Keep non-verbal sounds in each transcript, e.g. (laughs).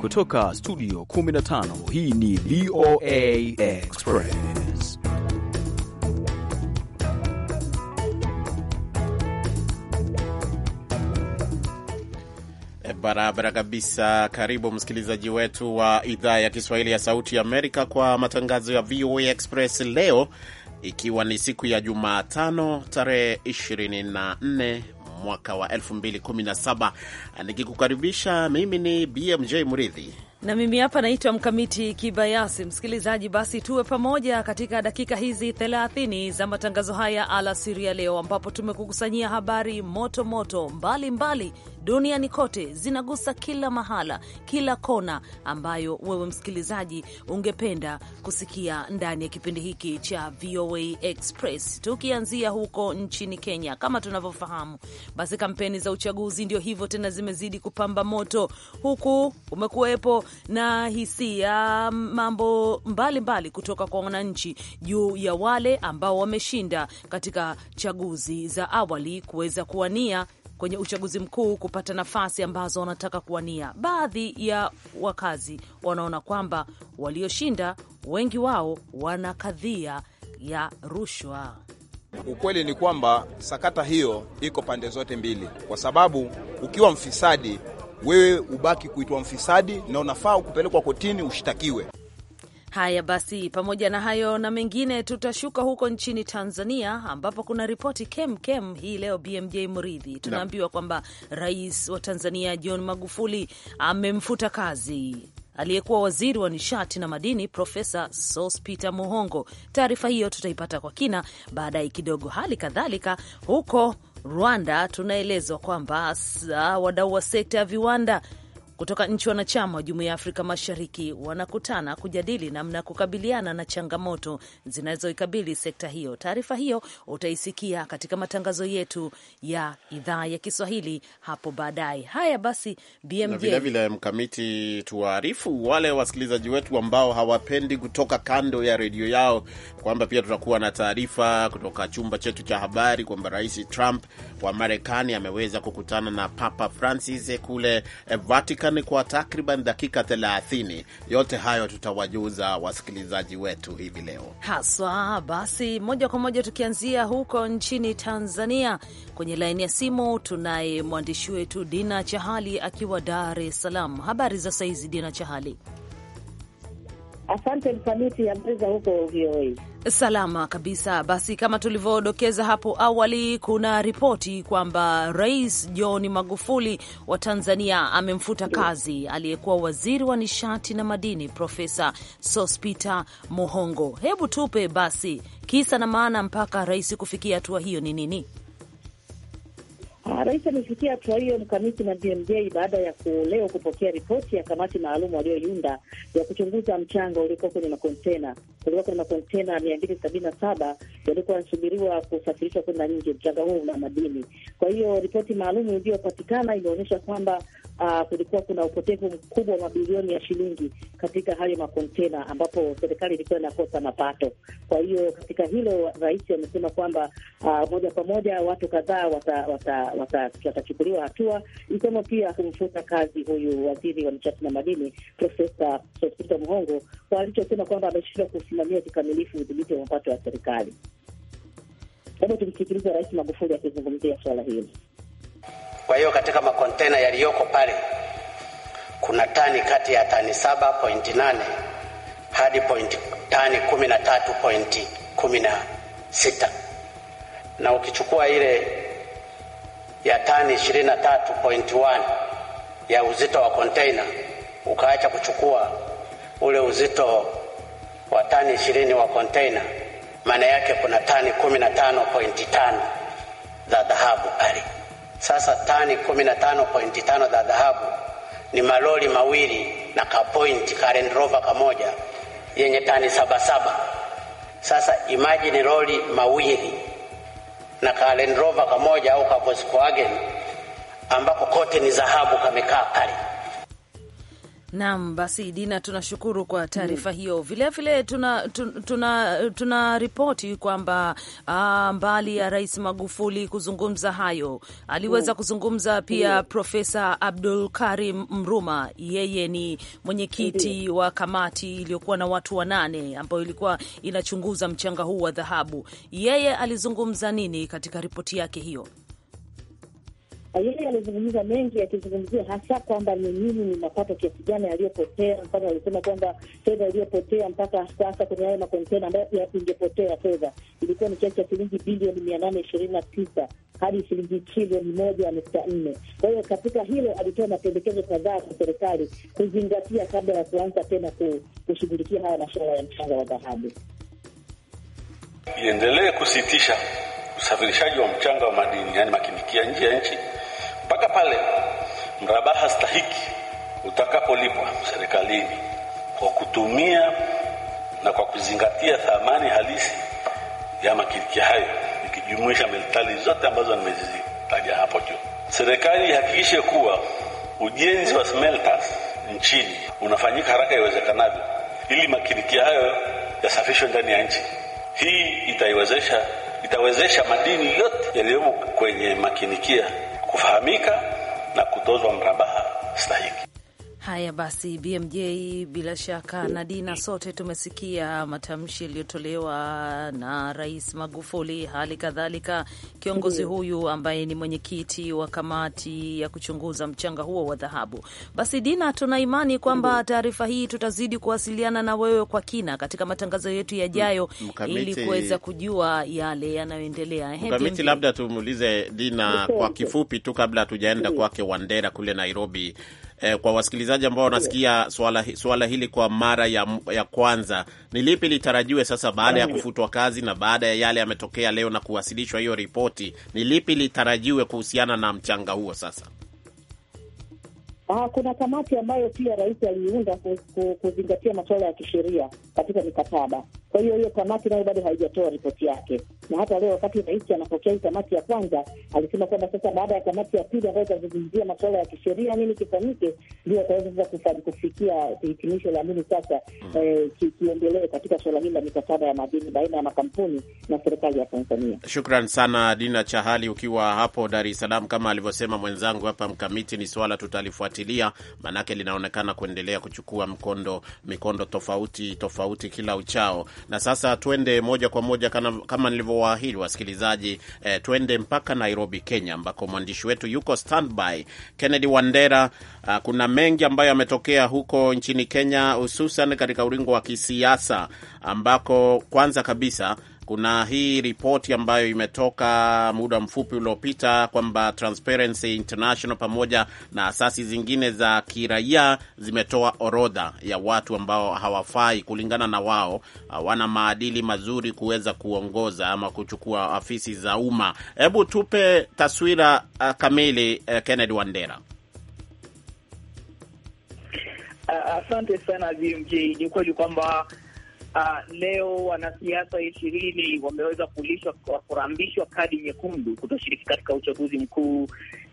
Kutoka studio 15 hii ni VOA Express. Eh, barabara kabisa. Karibu msikilizaji wetu wa idhaa ya Kiswahili ya Sauti Amerika kwa matangazo ya VOA Express leo, ikiwa ni siku ya Jumatano tarehe 24 mwaka wa 2017. Nikikukaribisha mimi ni BMJ Muridhi na mimi hapa naitwa Mkamiti Kibayasi. Msikilizaji, basi tuwe pamoja katika dakika hizi 30 za matangazo haya alasiri ya leo, ambapo tumekukusanyia habari moto moto mbalimbali duniani kote, zinagusa kila mahala, kila kona ambayo wewe msikilizaji ungependa kusikia ndani ya kipindi hiki cha VOA Express, tukianzia huko nchini Kenya. Kama tunavyofahamu, basi kampeni za uchaguzi ndio hivyo tena, zimezidi kupamba moto, huku umekuwepo na hisia mambo mbalimbali mbali kutoka kwa wananchi juu ya wale ambao wameshinda katika chaguzi za awali kuweza kuwania kwenye uchaguzi mkuu kupata nafasi ambazo wanataka kuwania. Baadhi ya wakazi wanaona kwamba walioshinda wengi wao wana kadhia ya rushwa. Ukweli ni kwamba sakata hiyo iko pande zote mbili, kwa sababu ukiwa mfisadi wewe ubaki kuitwa mfisadi na unafaa kupelekwa kotini ushtakiwe. Haya basi, pamoja na hayo na mengine, tutashuka huko nchini Tanzania ambapo kuna ripoti kem kem hii leo. BMJ Mridhi, tunaambiwa kwamba rais wa Tanzania John Magufuli amemfuta kazi aliyekuwa waziri wa nishati na madini Profesa Sospeter Muhongo. Taarifa hiyo tutaipata kwa kina baadaye kidogo. Hali kadhalika huko Rwanda tunaelezwa kwamba wadau wa sekta ya viwanda kutoka nchi wanachama wa Jumuiya ya Afrika Mashariki wanakutana kujadili namna ya kukabiliana na changamoto zinazoikabili sekta hiyo. Taarifa hiyo utaisikia katika matangazo yetu ya idhaa ya Kiswahili hapo baadaye. Haya basi, BMJ vilevile mkamiti, tuwaarifu wale wasikilizaji wetu ambao hawapendi kutoka kando ya redio yao kwamba pia tutakuwa na taarifa kutoka chumba chetu cha habari kwamba Rais Trump wa Marekani ameweza kukutana na Papa Francis kule eh, Vatican ni kwa takriban dakika 30. Yote hayo tutawajuza wasikilizaji wetu hivi leo haswa. Basi moja kwa moja tukianzia huko nchini Tanzania, kwenye laini ya simu tunaye mwandishi wetu Dina Chahali akiwa Dar es Salaam. Habari za saizi, Dina Chahali? Asante Mkamiti, ya za huko VOA? Salama kabisa. Basi, kama tulivyodokeza hapo awali, kuna ripoti kwamba Rais John Magufuli wa Tanzania amemfuta kazi aliyekuwa waziri wa nishati na madini Profesa Sospeter Muhongo. Hebu tupe basi kisa na maana mpaka rais kufikia hatua hiyo ni nini? Rais amefikia hatua hiyo Mkamiti na BMJ baada ya leo kupokea ripoti ya kamati maalum walioiunda ya kuchunguza mchanga uliokuwa kwenye makontena. Kulikuwa kuna makontena mia mbili sabini na saba yalikuwa yanasubiriwa kusafirishwa kwenda nje, mchanga huo una madini. Kwa hiyo ripoti maalum iliyopatikana imeonyesha kwamba uh, kulikuwa kuna upotevu mkubwa wa mabilioni ya shilingi katika hayo makontena, ambapo serikali ilikuwa inakosa mapato. Kwa hiyo katika hilo rais amesema kwamba uh, moja kwa moja watu kadhaa wata, wata watachukuliwa hatua, ikiwemo pia kumfuta kazi huyu waziri wa nishati na madini Profesa Sospeter Muhongo kwa alichosema kwamba ameshindwa kusimamia kikamilifu udhibiti wa mapato ya serikali. Hebu tumsikiliza Rais Magufuli akizungumzia suala hili. Kwa hiyo katika makontena yaliyoko pale kuna tani kati ya tani 7.8 hadi point tani 13.16 na ukichukua ile ya tani 23.1 ya uzito wa container ukaacha kuchukua ule uzito wa tani 20 wa container, maana yake kuna tani 15.5 za dhahabu pale. Sasa tani 15.5 za dhahabu ni maloli mawili na ka point ka Land Rover kamoja yenye tani sabasaba. Sasa imagine lori mawili na ka Land Rover kamoja au ka Volkswagen ambako kote ni dhahabu kamekaa pale Naam, basi Dina, tunashukuru kwa taarifa mm. hiyo. Vilevile tuna, tuna, tuna, tuna ripoti kwamba ah, mbali ya Rais Magufuli kuzungumza hayo aliweza mm. kuzungumza pia mm. Profesa Abdul Karim Mruma, yeye ni mwenyekiti wa kamati iliyokuwa na watu wanane ambayo ilikuwa inachunguza mchanga huu wa dhahabu. Yeye alizungumza nini katika ripoti yake hiyo? yeye alizungumza mengi, akizungumzia hasa kwamba ni nini ni mapato kiasi gani aliyopotea. Mfano, alisema kwamba fedha iliyopotea mpaka sasa kwenye hayo makontena ambayo ingepotea fedha ilikuwa ni kiasi cha shilingi bilioni mia nane ishirini na tisa hadi shilingi trilioni moja nukta nne. Kwa hiyo katika hilo alitoa mapendekezo kadhaa kwa serikali kuzingatia kabla ya kuanza tena kushughulikia haya masuala ya mchanga wa dhahabu. Iendelee kusitisha usafirishaji wa mchanga wa madini, yani makinikia, nje ya nchi mpaka pale mrabaha stahiki utakapolipwa serikalini kwa kutumia na kwa kuzingatia thamani halisi ya makiriki hayo, ikijumuisha miltali zote ambazo nimezitaja hapo juu. Serikali ihakikishe kuwa ujenzi wa smelters nchini unafanyika haraka iwezekanavyo, ili makiriki hayo yasafishwe ndani ya nchi. Hii itaiwezesha itawezesha madini yote yaliyomo kwenye makinikia kufahamika na kutozwa mrabaha stahiki. Haya basi, BMJ, bila shaka na Dina, sote tumesikia matamshi yaliyotolewa na Rais Magufuli, hali kadhalika kiongozi huyu ambaye ni mwenyekiti wa kamati ya kuchunguza mchanga huo wa dhahabu. Basi Dina, tuna imani kwamba taarifa hii tutazidi kuwasiliana na wewe kwa kina katika matangazo yetu yajayo, ili kuweza kujua yale yanayoendelea. Mkamiti, labda tumuulize Dina kwa kifupi tu kabla hatujaenda kwake Wandera kule Nairobi eh, kwa wasikilizaji ambao wanasikia swala, swala hili kwa mara ya, ya kwanza, ni lipi litarajiwe sasa baada ya kufutwa kazi na baada ya yale yametokea leo na kuwasilishwa hiyo ripoti, ni lipi litarajiwe kuhusiana na mchanga huo sasa? Aa, ah, kuna kamati ambayo pia rais aliunda kuzingatia masuala ya kisheria katika mikataba kwa hiyo hiyo kamati nayo bado haijatoa ripoti yake, na hata leo wakati rais anapokea hii kamati ya kwanza alisema kwamba sasa baada ya kamati ya pili ambayo itazungumzia masuala ya kisheria, nini kifanyike, ndio ataweza sasa kufikia hitimisho la nini sasa hmm. eh, kiendelee katika suala hili la mikataba ya madini baina ya makampuni na serikali ya Tanzania. Shukran sana Dina Chahali, ukiwa hapo Dar es Salaam. Kama alivyosema mwenzangu hapa Mkamiti, ni swala tutalifuatilia, maanake linaonekana kuendelea kuchukua mkondo mikondo tofauti tofauti kila uchao. Na sasa twende moja kwa moja kama, kama nilivyowaahidi wasikilizaji eh, twende mpaka Nairobi, Kenya, ambako mwandishi wetu yuko standby Kennedy Wandera. Uh, kuna mengi ambayo yametokea huko nchini Kenya, hususan katika ulingo wa kisiasa ambako kwanza kabisa kuna hii ripoti ambayo imetoka muda mfupi uliopita kwamba Transparency International pamoja na asasi zingine za kiraia zimetoa orodha ya watu ambao hawafai, kulingana na wao, hawana maadili mazuri kuweza kuongoza ama kuchukua afisi za umma. Hebu tupe taswira uh, kamili uh, Kennedy Wandera. Uh, asante sana BMJ. Ni kweli kwamba Uh, leo wanasiasa ishirini wameweza kulishwa kurambishwa kadi nyekundu kutoshiriki katika uchaguzi mkuu,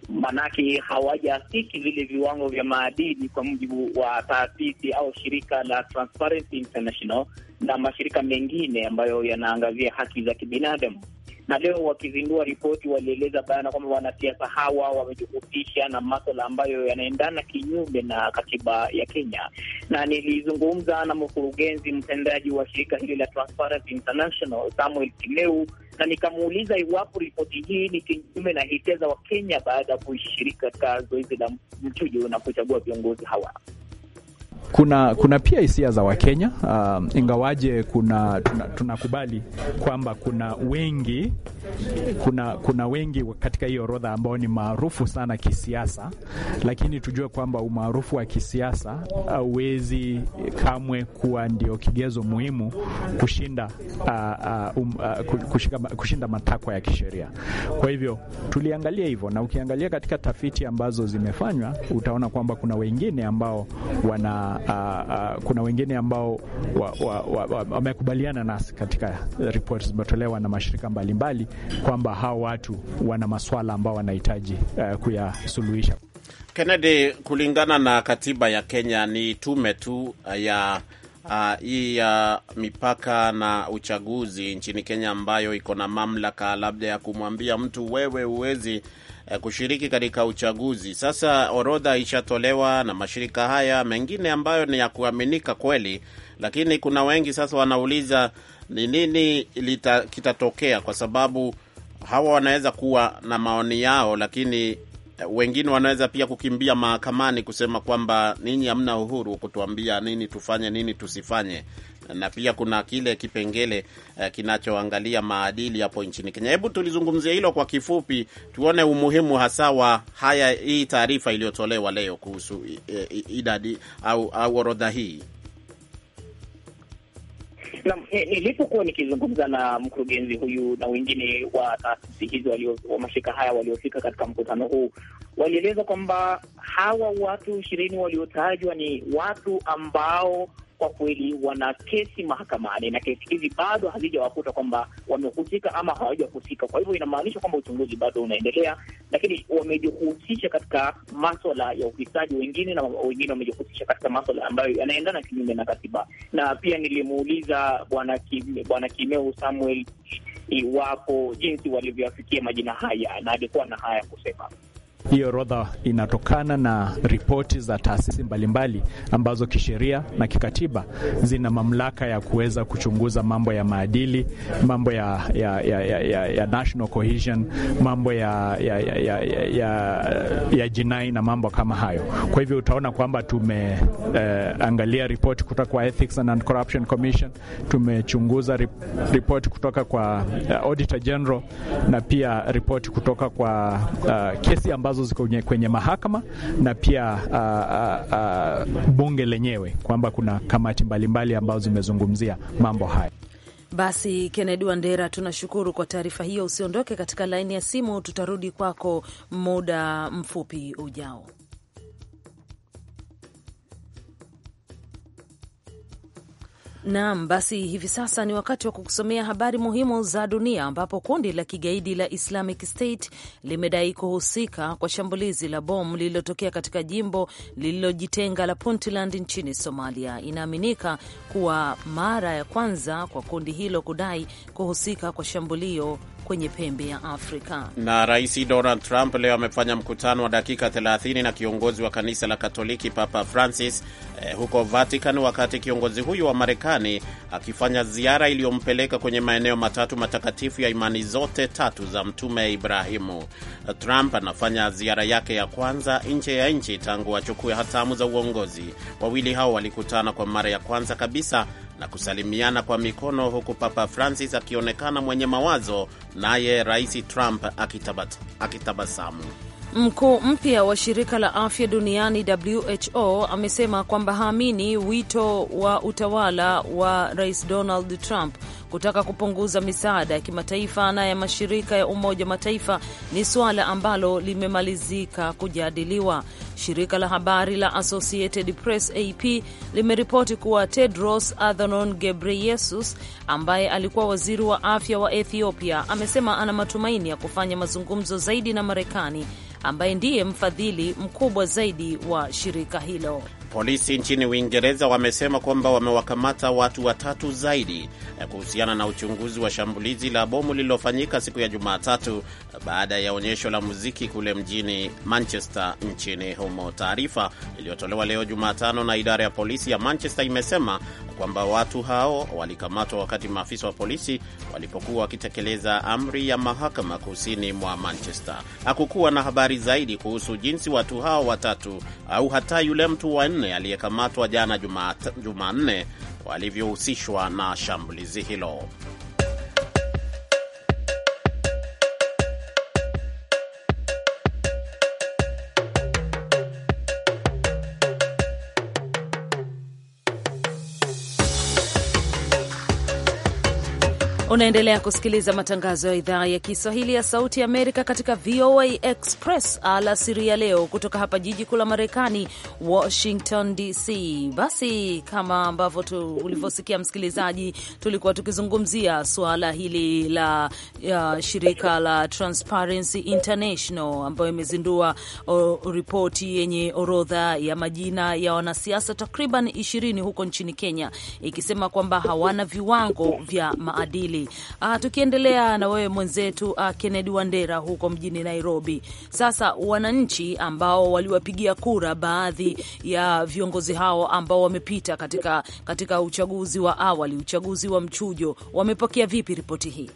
manake hawajafiki vile viwango vya maadili, kwa mujibu wa taasisi au shirika la Transparency International na mashirika mengine ambayo yanaangazia haki za kibinadamu na leo wakizindua ripoti walieleza bayana kwamba wanasiasa hawa wamejihusisha na maswala ambayo yanaendana kinyume na katiba ya Kenya. Na nilizungumza na mkurugenzi mtendaji wa shirika hili la Transparency International Samuel Kimeu na nikamuuliza iwapo ripoti hii ni kinyume na hisia za Wakenya baada ya kuishiriki katika zoezi la mchujo na kuchagua viongozi hawa. Kuna, kuna pia hisia za Wakenya uh, ingawaje kuna tunakubali tuna kwamba kuna wengi kuna, kuna wengi katika hiyo orodha ambao ni maarufu sana kisiasa, lakini tujue kwamba umaarufu wa kisiasa hauwezi kamwe kuwa ndio kigezo muhimu kushinda, uh, uh um, uh, kushika, kushinda matakwa ya kisheria. Kwa hivyo tuliangalia hivyo, na ukiangalia katika tafiti ambazo zimefanywa utaona kwamba kuna wengine ambao wana uh, uh, kuna wengine ambao wamekubaliana wa, wa, wa, wa nasi katika ripoti zimetolewa na mashirika mbalimbali kwamba hao watu wana maswala ambao wanahitaji uh, kuyasuluhisha. Kennedy, kulingana na katiba ya Kenya ni tume tu ya hii uh, ya mipaka na uchaguzi nchini Kenya ambayo iko na mamlaka labda ya kumwambia mtu wewe huwezi Eh, kushiriki katika uchaguzi. Sasa orodha ishatolewa na mashirika haya mengine ambayo ni ya kuaminika kweli, lakini kuna wengi sasa wanauliza ni nini kitatokea, kwa sababu hawa wanaweza kuwa na maoni yao, lakini wengine wanaweza pia kukimbia mahakamani kusema kwamba ninyi hamna uhuru kutuambia nini tufanye, nini tusifanye. Na pia kuna kile kipengele uh, kinachoangalia maadili hapo nchini Kenya. Hebu tulizungumzia hilo kwa kifupi, tuone umuhimu hasa wa haya hii taarifa iliyotolewa leo kuhusu eh, idadi au, au orodha hii. Naam, eh, nilipokuwa nikizungumza na mkurugenzi huyu na wengine wa taasisi hizo wa mashirika haya waliofika katika mkutano huu, walieleza kwamba hawa watu ishirini waliotajwa ni watu ambao kwa kweli wana kesi mahakamani na kesi hizi bado hazijawakuta kwamba wamehusika ama hawajahusika. Kwa hivyo inamaanisha kwamba uchunguzi bado unaendelea, lakini wamejihusisha katika maswala ya ufisadi wengine, na wengine wamejihusisha katika maswala ambayo yanaendana kinyume na katiba. Na pia nilimuuliza bwana bwana Kimeu Samuel iwapo jinsi walivyoafikia majina haya, na alikuwa na haya kusema. Hii orodha inatokana na ripoti za taasisi mbalimbali ambazo kisheria na kikatiba zina mamlaka ya kuweza kuchunguza mambo ya maadili, mambo ya, ya, ya, ya, ya, ya national cohesion, mambo ya, ya, ya, ya, ya, ya jinai na mambo kama hayo. Kwa hivyo utaona kwamba tumeangalia eh, ripoti kutoka kwa Ethics and Corruption Commission, tumechunguza ripoti kutoka kwa uh, Auditor General na pia ripoti kutoka kwa uh, kesi ambazo ambazo ziko kwenye mahakama na pia uh, uh, uh, bunge lenyewe kwamba kuna kamati mbalimbali ambazo zimezungumzia mambo haya. Basi Kennedy Wandera, tunashukuru kwa taarifa hiyo. Usiondoke katika laini ya simu, tutarudi kwako muda mfupi ujao. Naam, basi hivi sasa ni wakati wa kukusomea habari muhimu za dunia, ambapo kundi la kigaidi la Islamic State limedai kuhusika kwa shambulizi la bomu lililotokea katika jimbo lililojitenga la Puntland nchini Somalia. Inaaminika kuwa mara ya kwanza kwa kundi hilo kudai kuhusika kwa shambulio kwenye pembe ya Afrika. Na Rais Donald Trump leo amefanya mkutano wa dakika 30 na kiongozi wa kanisa la Katoliki Papa Francis eh, huko Vatican, wakati kiongozi huyu wa Marekani akifanya ziara iliyompeleka kwenye maeneo matatu matakatifu ya imani zote tatu za Mtume Ibrahimu. Trump anafanya ziara yake ya kwanza nje ya nchi tangu achukue hatamu za uongozi. Wawili hao walikutana kwa mara ya kwanza kabisa na kusalimiana kwa mikono, huku Papa Francis akionekana mwenye mawazo, naye Rais Trump akitabasamu. Mkuu mpya wa shirika la afya duniani WHO amesema kwamba haamini wito wa utawala wa Rais Donald Trump kutaka kupunguza misaada ya kimataifa na ya mashirika ya Umoja wa Mataifa ni suala ambalo limemalizika kujadiliwa. Shirika la habari la Associated Press AP limeripoti kuwa Tedros Adhanom Ghebreyesus ambaye alikuwa waziri wa afya wa Ethiopia amesema ana matumaini ya kufanya mazungumzo zaidi na Marekani ambaye ndiye mfadhili mkubwa zaidi wa shirika hilo. Polisi nchini Uingereza wamesema kwamba wamewakamata watu watatu zaidi eh, kuhusiana na uchunguzi wa shambulizi la bomu lililofanyika siku ya Jumatatu eh, baada ya onyesho la muziki kule mjini Manchester nchini humo. Taarifa iliyotolewa leo Jumatano na idara ya polisi ya Manchester imesema kwamba watu hao walikamatwa wakati maafisa wa polisi walipokuwa wakitekeleza amri ya mahakama kusini mwa Manchester. Hakukuwa na habari zaidi kuhusu jinsi watu hao watatu au hata yule mtu wa wanne aliyekamatwa jana Jumanne walivyohusishwa na shambulizi hilo. Unaendelea kusikiliza matangazo ya idhaa ya Kiswahili ya Sauti Amerika katika VOA Express alasiri ya leo, kutoka hapa jiji kuu la Marekani, Washington DC. Basi kama ambavyo ulivyosikia, msikilizaji, tulikuwa tukizungumzia suala hili la uh, shirika la Transparency International ambayo imezindua ripoti yenye orodha ya majina ya wanasiasa takriban ishirini huko nchini Kenya, ikisema kwamba hawana viwango vya maadili Uh, tukiendelea na wewe mwenzetu uh, Kennedy Wandera huko mjini Nairobi. Sasa wananchi ambao waliwapigia kura baadhi ya viongozi hao ambao wamepita katika, katika uchaguzi wa awali, uchaguzi wa mchujo, wamepokea vipi ripoti hii?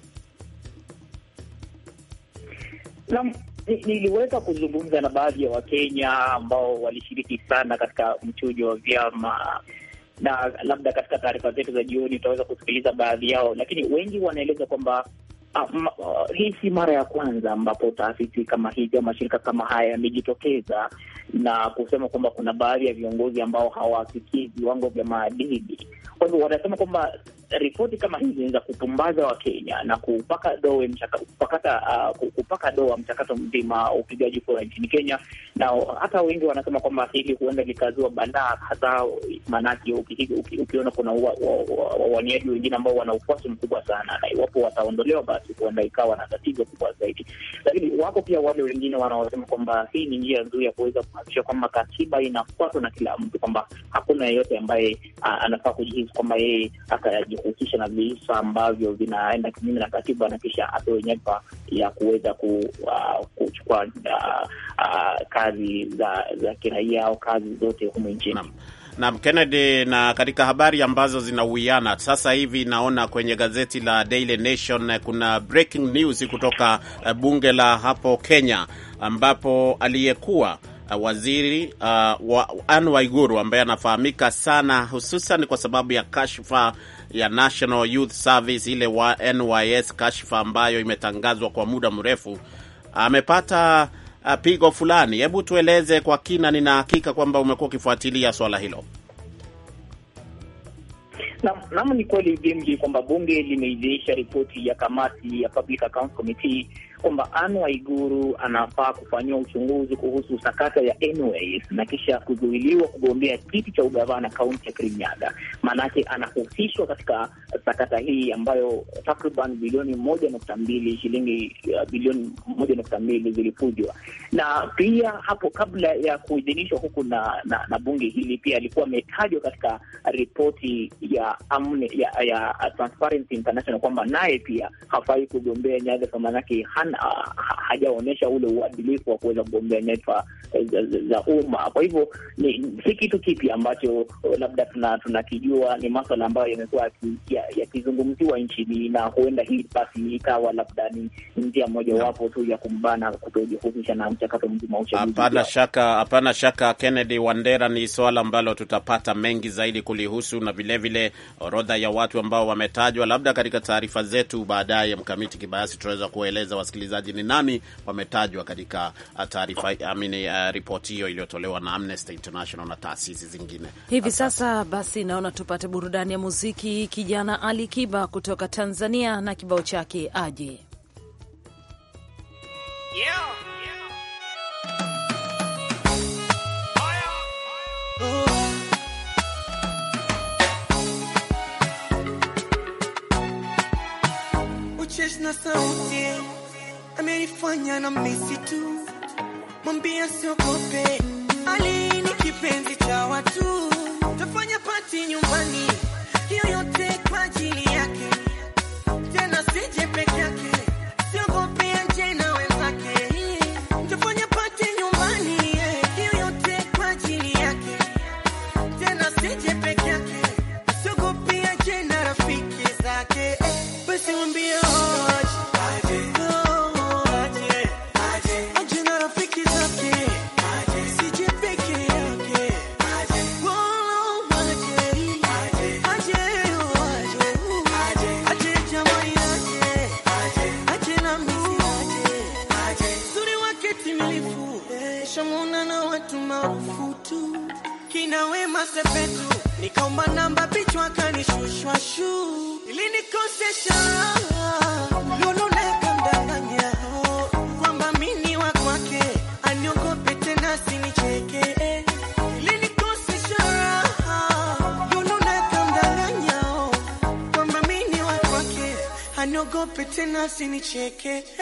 Naam, niliweza kuzungumza na baadhi ya Wakenya ambao walishiriki sana katika mchujo wa vyama na labda katika taarifa zetu za jioni utaweza kusikiliza baadhi yao, lakini wengi wanaeleza kwamba ah, ah, hii si mara ya kwanza ambapo taasisi kama hizi au mashirika kama haya yamejitokeza na kusema kwamba kuna baadhi ya viongozi ambao hawafikii viwango vya maadili. Kwa hivyo wanasema kwamba ripoti kama hizi zinaweza kupumbaza Wakenya na kupaka doa kupakata uh, kupaka doa mchakato mzima upigaji kura nchini Kenya, na hata wengi wanasema kwamba hili huenda likazua balaa, kadhaa, maanake ukiona kuna wawaniaji wengine ambao wana ufuasi mkubwa sana, na iwapo wataondolewa, basi huenda ikawa na tatizo kubwa zaidi. Lakini wako pia wale wengine wanaosema kwamba hii ni njia nzuri ya kuweza kuhakikisha kwamba katiba inafuatwa na kila mtu, kwamba hakuna yeyote ambaye ah, anafaa kujihisi kwamba yeye kuhusisha na visa ambavyo vinaenda kinyume na katiba na kisha apewe nyepa ya kuweza uh, kuchukua uh, uh, uh, kazi za, za kiraia au kazi zote humu nchini. Naam, Kennedy, na katika habari ambazo zinauiana sasa hivi, naona kwenye gazeti la Daily Nation eh, kuna breaking news kutoka eh, bunge la hapo Kenya ambapo aliyekuwa Uh, waziri uh, wa, Anne Waiguru ambaye anafahamika sana hususan kwa sababu ya kashfa ya National Youth Service ile wa NYS, kashfa ambayo imetangazwa kwa muda mrefu, amepata uh, pigo fulani. Hebu tueleze kwa kina, nina hakika kwamba umekuwa ukifuatilia swala hilo. Naam, ni kweli BMJ kwamba bunge limeidhinisha ripoti ya kamati ya Public Accounts Committee kwamba Anne Waiguru anafaa kufanyiwa uchunguzi kuhusu sakata ya NYS na kisha kuzuiliwa kugombea kiti cha ugavana kaunti ya Kirinyaga. Maanake anahusishwa katika sakata hii ambayo takriban bilioni moja nukta mbili shilingi uh, bilioni moja nukta mbili zilifujwa, na pia hapo kabla ya kuidhinishwa huku na, na, na bunge hili pia alikuwa ametajwa katika ripoti ya amne, ya, ya Transparency International kwamba naye pia hafai kugombea nyadhifa maanake Ah, hajaonyesha ule uadilifu wa kuweza kugombea nyadhifa eh, za umma. Kwa hivyo si kitu kipi ambacho eh, labda tunakijua, ni maswala ambayo yamekuwa yakizungumziwa nchini, na huenda hii basi ikawa labda ni njia mojawapo tu ya kumbana kutojihusisha na mchakato mzima wa uchaguzi. Hapana shaka, hapana shaka, Kennedy Wandera, ni swala ambalo tutapata mengi zaidi kulihusu na vilevile orodha ya watu ambao wametajwa, labda katika taarifa zetu baadaye. Mkamiti Kibayasi, tunaweza kueleza wasikilizaji msikilizaji, ni nani wametajwa katika uh, taarifa mean, uh, ripoti hiyo iliyotolewa na Amnesty International na taasisi zingine hivi Atasi. Sasa basi, naona tupate burudani ya muziki. Kijana Ali Kiba kutoka Tanzania na kibao chake aje, yeah. sauti amenifanya na misi tu, mwambia siogope, Ali ni kipenzi cha watu, tafanya pati nyumbani, hiyo yote kwa ajili it.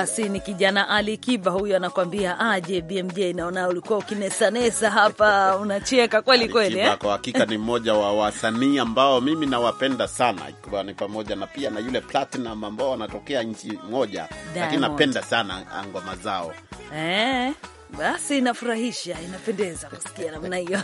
Basi ni kijana Ali Kiba huyu anakwambia aje, BMJ naona ulikuwa ukinesanesa hapa, (laughs) unacheka kweli kweli eh? Kwa hakika ni mmoja wa wasanii ambao mimi nawapenda sana, ikiwa ni pamoja na pia na yule Platinum ambao wanatokea nchi moja, lakini napenda sana ngoma zao eh. Basi inafurahisha, inapendeza kusikia namna hiyo.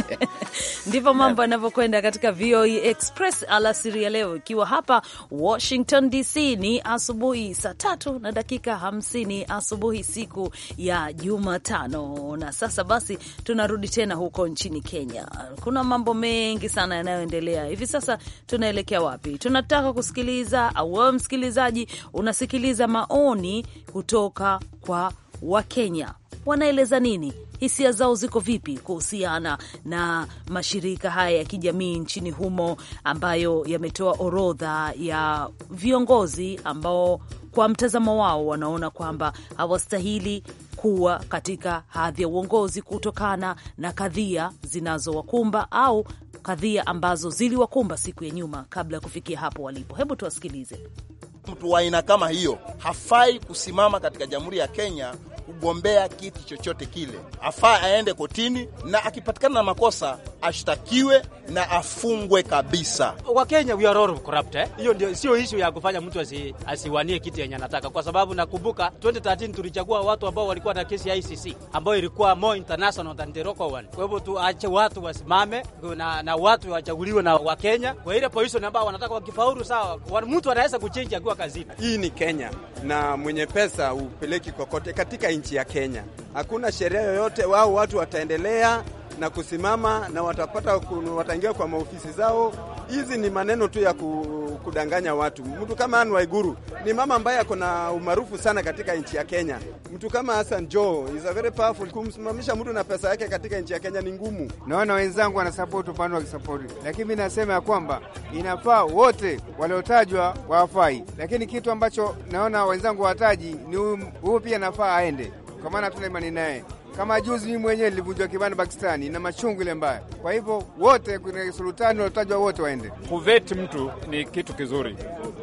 (laughs) Ndivyo mambo yanavyokwenda katika VOA e Express alasiri ya leo, ikiwa hapa Washington DC ni asubuhi saa tatu na dakika hamsini asubuhi siku ya Jumatano. Na sasa basi tunarudi tena huko nchini Kenya. Kuna mambo mengi sana yanayoendelea hivi sasa. Tunaelekea wapi? Tunataka kusikiliza au wewe msikilizaji unasikiliza maoni kutoka kwa wa Kenya wanaeleza nini? Hisia zao ziko vipi kuhusiana na mashirika haya ya kijamii nchini humo ambayo yametoa orodha ya viongozi ambao kwa mtazamo wao wanaona kwamba hawastahili kuwa katika hadhi ya uongozi kutokana na kadhia zinazowakumba au kadhia ambazo ziliwakumba siku ya nyuma kabla ya kufikia hapo walipo. Hebu tuwasikilize mtu wa aina kama hiyo hafai kusimama katika Jamhuri ya Kenya kugombea kiti chochote kile. Afaa aende kotini, na akipatikana na makosa ashtakiwe na afungwe kabisa. Wakenya we are all corrupt eh? Hiyo ndio sio ishu ya kufanya mtu asi, asiwanie kiti yenye anataka, kwa sababu nakumbuka 2013 tulichagua watu ambao walikuwa na kesi ya ICC ambayo ilikuwa more international than the local one. Kwa hivyo tuache watu wasimame na, na watu wachaguliwe na Wakenya kwa ile position ambao wanataka. Wakifaulu sawa, mtu anaweza kuchinja kuwa kazini. Hii ni Kenya na mwenye pesa upeleki kokote katika nchi ya Kenya. Hakuna sheria yoyote, wao watu wataendelea na kusimama na watapata wataingia kwa maofisi zao hizi ni maneno tu ya kudanganya watu. Mtu kama Anne Waiguru ni mama ambaye ako na umaarufu sana katika nchi ya Kenya. Mtu kama Hassan Joho is a very powerful. Kumsimamisha mtu na pesa yake katika nchi ya Kenya ni ngumu. Naona wenzangu wanasapoti upande wa kisapoti, lakini mi nasema ya kwamba inafaa wote waliotajwa wafai lakini kitu ambacho naona wenzangu wataji ni huyu pia nafaa aende, kwa maana hatuna imani naye. Kama juzi mimi mwenyewe nilivunjwa kibanda Pakistani na machungu ile mbaya. Kwa hivyo wote kuna sultani waliotajwa wote waende kuveti. Mtu ni kitu kizuri,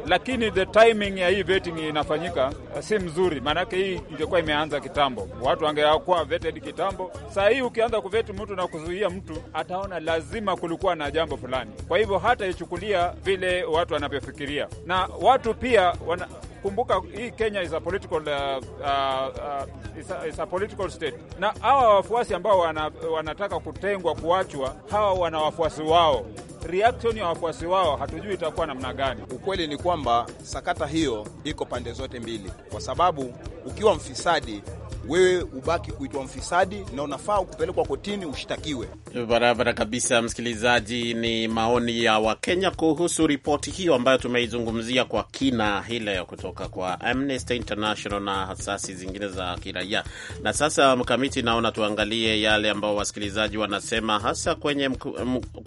lakini the timing ya hii vetting inafanyika uh, si mzuri, maanake hii ingekuwa imeanza kitambo, watu wangekuwa veted kitambo. Saa hii ukianza kuveti mtu na kuzuia mtu, ataona lazima kulikuwa na jambo fulani, kwa hivyo hata ichukulia vile watu wanavyofikiria na watu pia wana kumbuka hii Kenya is a political, uh, uh, is a, is a political state, na hawa wafuasi ambao wana, wanataka kutengwa kuachwa, hawa wana wafuasi wao reaction ya wafuasi wao hatujui itakuwa namna gani. Ukweli ni kwamba sakata hiyo iko pande zote mbili, kwa sababu ukiwa mfisadi wewe ubaki kuitwa mfisadi na unafaa kupelekwa kotini ushtakiwe barabara kabisa. Msikilizaji, ni maoni ya Wakenya kuhusu ripoti hiyo ambayo tumeizungumzia kwa kina hii leo kutoka kwa Amnesty International na asasi zingine za kiraia. Na sasa Mkamiti, naona tuangalie yale ambao wasikilizaji wanasema hasa kwenye,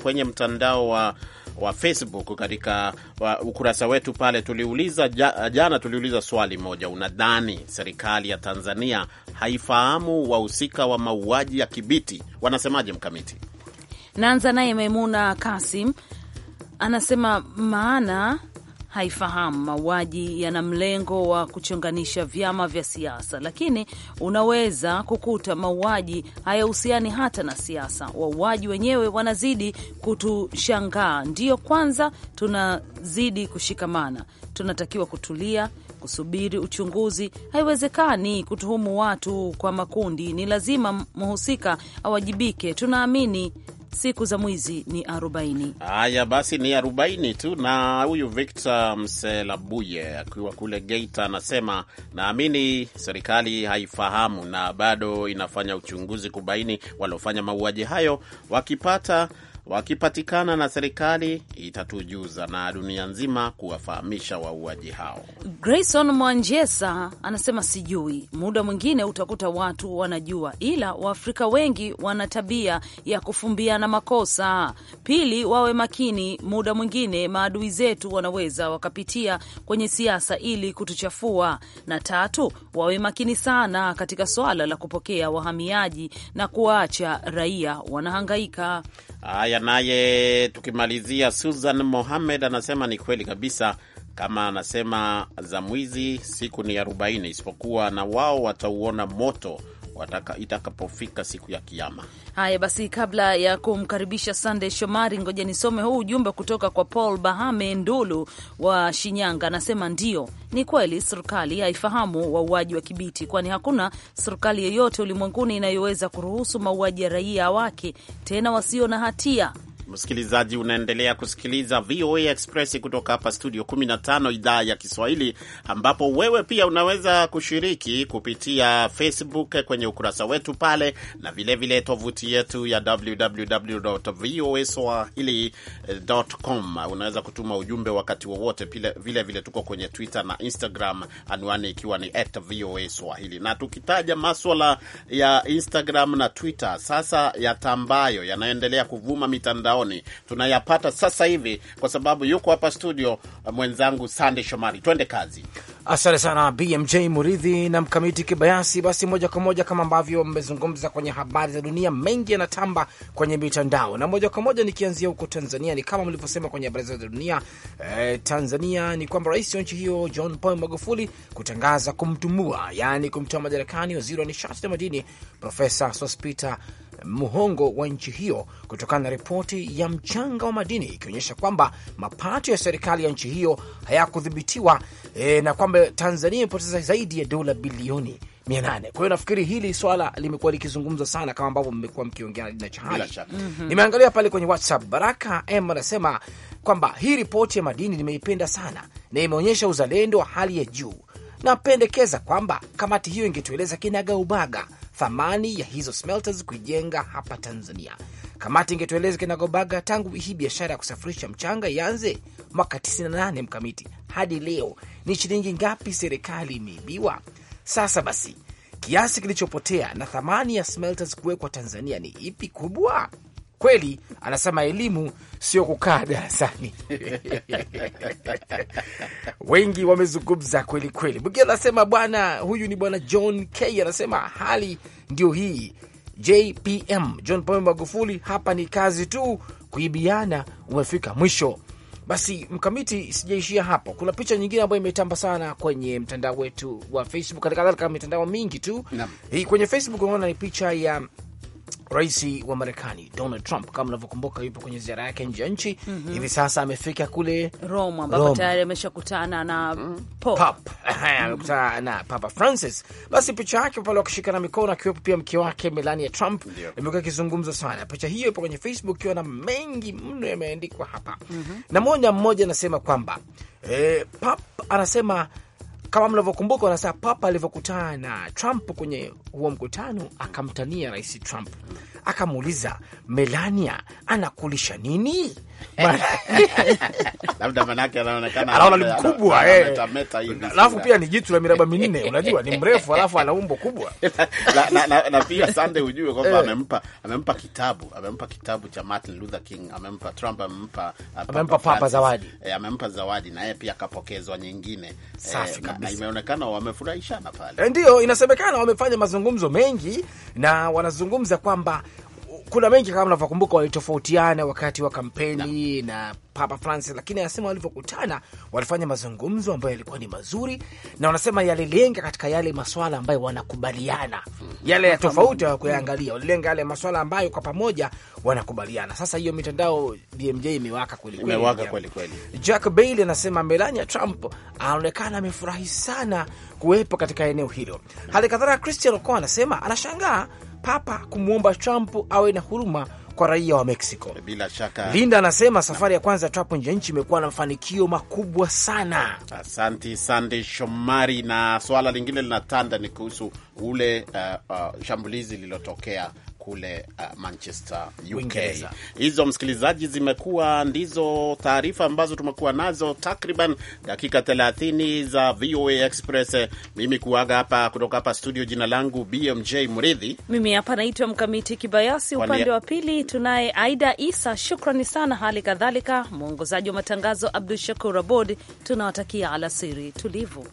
kwenye mtandao wa wa Facebook katika ukurasa wetu pale, tuliuliza jana, tuliuliza swali moja, unadhani serikali ya Tanzania haifahamu wahusika wa, wa mauaji ya Kibiti? Wanasemaje mkamiti? Naanza naye Maimuna Kasim anasema maana haifahamu mauaji yana mlengo wa kuchonganisha vyama vya siasa, lakini unaweza kukuta mauaji hayahusiani hata na siasa. Wauaji wenyewe wanazidi kutushangaa. Ndiyo kwanza tunazidi kushikamana, tunatakiwa kutulia kusubiri uchunguzi. Haiwezekani kutuhumu watu kwa makundi, ni lazima mhusika awajibike. Tunaamini siku za mwizi ni 40. Haya basi, ni 40 tu. Na huyu Victor Mselabuye akiwa kule Geita anasema naamini serikali haifahamu na bado inafanya uchunguzi kubaini waliofanya mauaji hayo, wakipata Wakipatikana na serikali itatujuza na dunia nzima kuwafahamisha wauaji hao. Grayson Mwanjesa anasema sijui, muda mwingine utakuta watu wanajua, ila Waafrika wengi wana tabia ya kufumbiana makosa. Pili, wawe makini, muda mwingine maadui zetu wanaweza wakapitia kwenye siasa ili kutuchafua, na tatu, wawe makini sana katika swala la kupokea wahamiaji na kuwaacha raia wanahangaika. Haya, naye tukimalizia, Susan Mohamed anasema ni kweli kabisa, kama anasema za mwizi siku ni arobaini, isipokuwa na wao watauona moto itakapofika siku ya Kiama. Haya basi, kabla ya kumkaribisha Sandey Shomari, ngoja nisome huu ujumbe kutoka kwa Paul Bahame Ndulu wa Shinyanga. Anasema ndio, ni kweli serikali haifahamu wauaji wa Kibiti, kwani hakuna serikali yoyote ulimwenguni inayoweza kuruhusu mauaji ya raia wake, tena wasio na hatia. Msikilizaji, unaendelea kusikiliza VOA Express kutoka hapa studio 15 idhaa ya Kiswahili, ambapo wewe pia unaweza kushiriki kupitia Facebook kwenye ukurasa wetu pale, na vilevile tovuti yetu ya www voa swahilicom Unaweza kutuma ujumbe wakati wowote. vilevile tuko kwenye Twitter na Instagram, anwani ikiwa ni at VOA Swahili. Na tukitaja maswala ya Instagram na Twitter, sasa yatambayo yanaendelea kuvuma mitandao maoni tunayapata sasa hivi, kwa sababu yuko hapa studio uh, mwenzangu Sande Shomari. Twende kazi. Asante sana BMJ Muridhi na Mkamiti Kibayasi. Basi moja kwa moja, kama ambavyo mmezungumza kwenye habari za dunia, mengi yanatamba kwenye mitandao, na moja kwa moja nikianzia huko Tanzania, ni kama mlivyosema kwenye habari za dunia eh, Tanzania ni kwamba rais wa nchi hiyo John Paul Magufuli kutangaza kumtumua, yaani kumtoa madarakani waziri wa nishati na madini Profesa Sospeter mhongo wa nchi hiyo kutokana na ripoti ya mchanga wa madini ikionyesha kwamba mapato ya serikali ya nchi hiyo hayakudhibitiwa e, na kwamba Tanzania imepoteza zaidi ya dola bilioni mia nane. Kwa hiyo nafikiri hili swala limekuwa likizungumzwa sana kama ambavyo mmekuwa mkiongea na Chahali. mm -hmm. Nimeangalia pale kwenye WhatsApp, Baraka M anasema kwamba hii ripoti ya madini nimeipenda sana na imeonyesha uzalendo wa hali ya juu napendekeza kwamba kamati hiyo ingetueleza ubaga thamani ya hizo smelters kuijenga hapa Tanzania. Kamati ingetueleza ubaga tangu hii biashara ya kusafirisha mchanga ianze mwaka 98 mkamiti hadi leo ni shilingi ngapi serikali imeibiwa? Sasa basi kiasi kilichopotea na thamani ya smelters kuwekwa Tanzania ni ipi kubwa? kweli, anasema elimu sio kukaa darasani. (laughs) Wengi wamezungumza kweli kweli. Mwingine anasema bwana huyu ni bwana John K anasema hali ndio hii. JPM John Pombe Magufuli, hapa ni kazi tu, kuibiana umefika mwisho. Basi mkamiti, sijaishia hapo. Kuna picha nyingine ambayo imetamba sana kwenye mtandao wetu wa Facebook, katika mitandao mingi tu. Hii kwenye Facebook unaona ni picha ya Rais wa Marekani Donald Trump kama unavyokumbuka, yupo kwenye ziara yake nje ya nchi mm -hmm. Hivi sasa amefika kule Roma ambapo tayari ameshakutana na mm. Pop, (laughs) mhm. amekutana na Papa Francis. Basi picha yake pale wakishikana mikono, akiwepo pia mke wake Melania Trump, imekuwa ikizungumzwa sana. Picha hiyo ipo kwenye Facebook ikiwa na mengi mno yameandikwa hapa mm -hmm. na moja mmoja anasema kwamba eh, Pop anasema kama mnavyokumbuka, wanasema papa alivyokutana na Trump kwenye huo mkutano, akamtania rais Trump akamuuliza Melania, anakulisha nini? Eh. (laughs) labda manake anaonekana anaona ni mkubwa, eh. alafu pia ni jitu la miraba minne, unajua ni mrefu, alafu ana umbo kubwa (laughs) na pia sande, kwamba eh. amempa amempa kitabu amempa kitabu cha Martin Luther King, amempa Trump, amempa uh, amempa papa zawadi, amempa zawadi na yeye pia akapokezwa nyingine. Safi kabisa, imeonekana wamefurahishana pale, ndio inasemekana wamefanya mazungumzo mengi na wanazungumza kwamba kuna mengi kama mnavyokumbuka, walitofautiana wakati wa kampeni na, na Papa Francis, lakini anasema walivyokutana walifanya mazungumzo ambayo yalikuwa ni mazuri, na wanasema yalilenga katika yale maswala ambayo wanakubaliana hmm. Yale ya tofauti hawakuyaangalia hmm. Walilenga yale maswala ambayo kwa pamoja wanakubaliana. Sasa hiyo mitandao DMJ imewaka kweli kweli. Jack Bailey anasema Melania Trump anaonekana amefurahi sana kuwepo katika eneo hilo. Hali kadhalika Christian Okoa anasema anashangaa papa kumwomba Trump awe na huruma kwa raia wa Mexico. Bila shaka, Linda anasema safari ya kwanza ya Trump nje ya nchi imekuwa na mafanikio makubwa sana. Asanti Sande Shomari. Na suala lingine linatanda ni kuhusu ule uh, uh, shambulizi lililotokea kule uh, Manchester UK. Hizo msikilizaji, zimekuwa ndizo taarifa ambazo tumekuwa nazo takriban dakika 30 za VOA Express. Mimi kuaga hapa kutoka hapa studio, jina langu BMJ Mridhi, mimi hapa naitwa Mkamiti Kibayasi, upande wa pili tunaye Aida Isa. Shukrani sana, hali kadhalika mwongozaji wa matangazo abdu Shakur Abod. Tunawatakia alasiri tulivu.